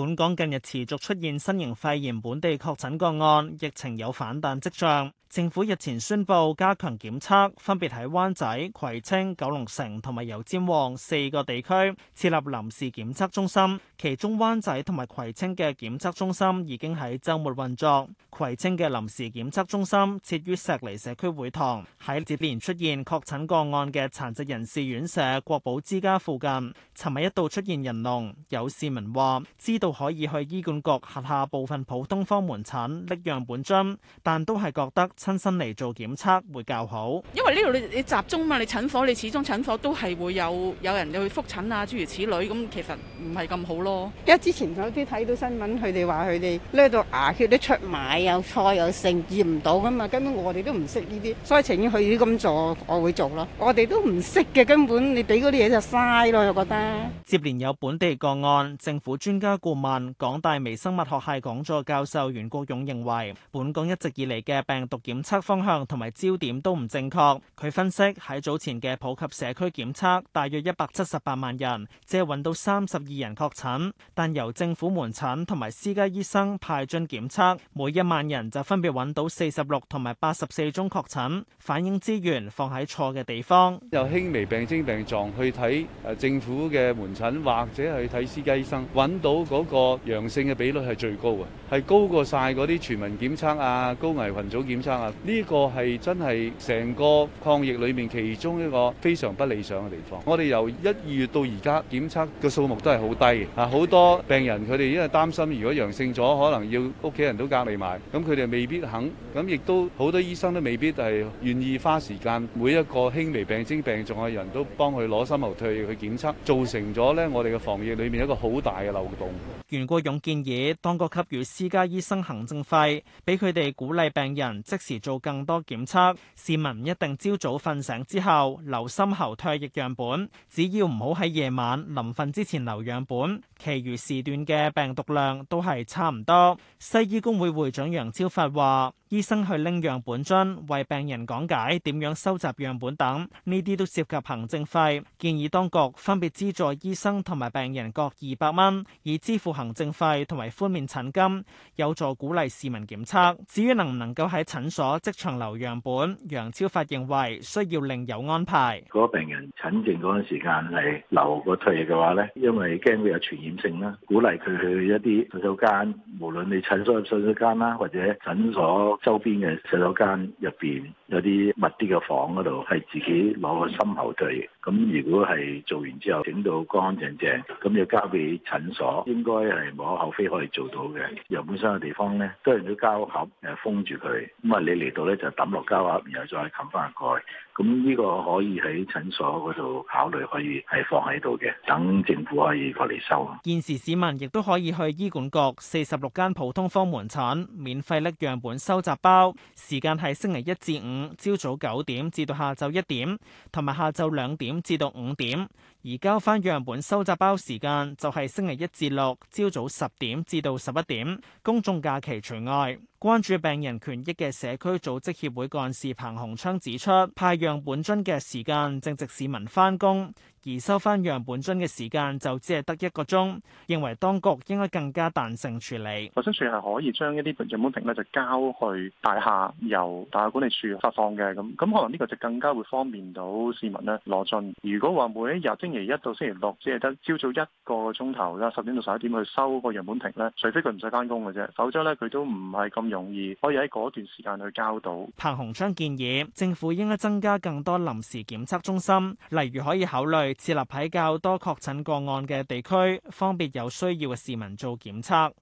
本港近日持續出現新型肺炎本地確診個案，疫情有反彈跡象。政府日前宣布加強檢測，分別喺灣仔、葵青、九龍城同埋油尖旺四個地區設立臨時檢測中心，其中灣仔同埋葵青嘅檢測中心已經喺周末運作。葵青嘅臨時檢測中心設於石梨社區會堂，喺接連出現確診個案嘅殘疾人士院舍國寶之家附近。尋日一度出現人龍，有市民話知道可以去醫管局轄下部分普通科門診拎樣本樽，但都係覺得親身嚟做檢測會較好。因為呢度你你集中嘛，你診所你始終診所都係會有有人去覆診啊，諸如此類咁，其實唔係咁好咯。因為之前有啲睇到新聞，佢哋話佢哋攞到牙血都出埋。有菜有剩，驗唔到噶嘛？根本我哋都唔識呢啲，所以情願佢啲咁做，我會做咯。我哋都唔識嘅，根本你俾嗰啲嘢就嘥咯，我覺得。接連有本地個案，政府專家顧問、港大微生物學系講座教授袁國勇認為，本港一直以嚟嘅病毒檢測方向同埋焦點都唔正確。佢分析喺早前嘅普及社區檢測，大約一百七十八萬人，只係搵到三十二人確診，但由政府門診同埋私家醫生派進檢測，每一萬。萬人就分別揾到四十六同埋八十四宗確診，反映資源放喺錯嘅地方。由輕微病徵病狀去睇誒，政府嘅門診或者去睇私家醫生，揾到嗰個陽性嘅比率係最高嘅，係高過晒嗰啲全民檢測啊、高危群組檢測啊。呢個係真係成個抗疫裏面其中一個非常不理想嘅地方。我哋由一、二月到而家檢測嘅數目都係好低吓，好多病人佢哋因為擔心，如果陽性咗，可能要屋企人都隔離埋。咁佢哋未必肯，咁亦都好多醫生都未必係願意花時間，每一個輕微病徵病重嘅人都幫佢攞深喉唾液去檢測，造成咗咧我哋嘅防疫裏面一個好大嘅漏洞。袁國勇建議當局給予私家醫生行政費，俾佢哋鼓勵病人即時做更多檢測，市民唔一定朝早瞓醒之後留深喉唾液樣本，只要唔好喺夜晚臨瞓之前留樣本，其餘時段嘅病毒量都係差唔多。西醫工會會長。楊超發話，醫生去拎樣本樽，為病人講解點樣收集樣本等，呢啲都涉及行政費，建議當局分別資助醫生同埋病人各二百蚊，以支付行政費同埋寬免診金，有助鼓勵市民檢測。至於能唔能夠喺診所即場留樣本，楊超發認為需要另有安排。如果病人診症嗰陣時間係留個唾液嘅話咧，因為驚會有傳染性啦，鼓勵佢去一啲洗手間，無論你診所入洗手間啦，或者診所周邊嘅洗手間入邊有啲密啲嘅房嗰度，係自己攞個深喉袋。咁如果係做完之後整到乾乾淨淨，咁要交俾診所，應該係冇可厚非可以做到嘅。由本身嘅地方咧，都係要膠盒，誒封住佢。咁啊，你嚟到咧就抌落膠盒，然後再冚翻蓋。咁呢個可以喺診所嗰度考慮，可以係放喺度嘅，等政府可以過嚟收。現時市民亦都可以去醫管局四十六間普通科門診。免費拎樣本收集包，時間係星期一至五，朝早九點至到下晝一點，同埋下晝兩點至到五點。而交翻樣本收集包時間就係星期一至六朝早十點至到十一點，公眾假期除外。關注病人權益嘅社區組織協會幹事彭鴻昌指出，派樣本樽嘅時間正值市民翻工，而收翻樣本樽嘅時間就只係得一個鐘，認為當局應該更加彈性處理。衞生署係可以將一啲樣本瓶咧就交去大廈由大廈管理處發放嘅，咁咁可能呢個就更加會方便到市民咧攞樽。如果話每一日一到星期六，只係得朝早一個鐘頭啦，十點到十一點去收個樣本瓶呢，除非佢唔使翻工嘅啫，否則呢，佢都唔係咁容易可以喺嗰段時間去交到。彭洪昌建議政府應該增加更多臨時檢測中心，例如可以考慮設立喺較多確診個案嘅地區，方便有需要嘅市民做檢測。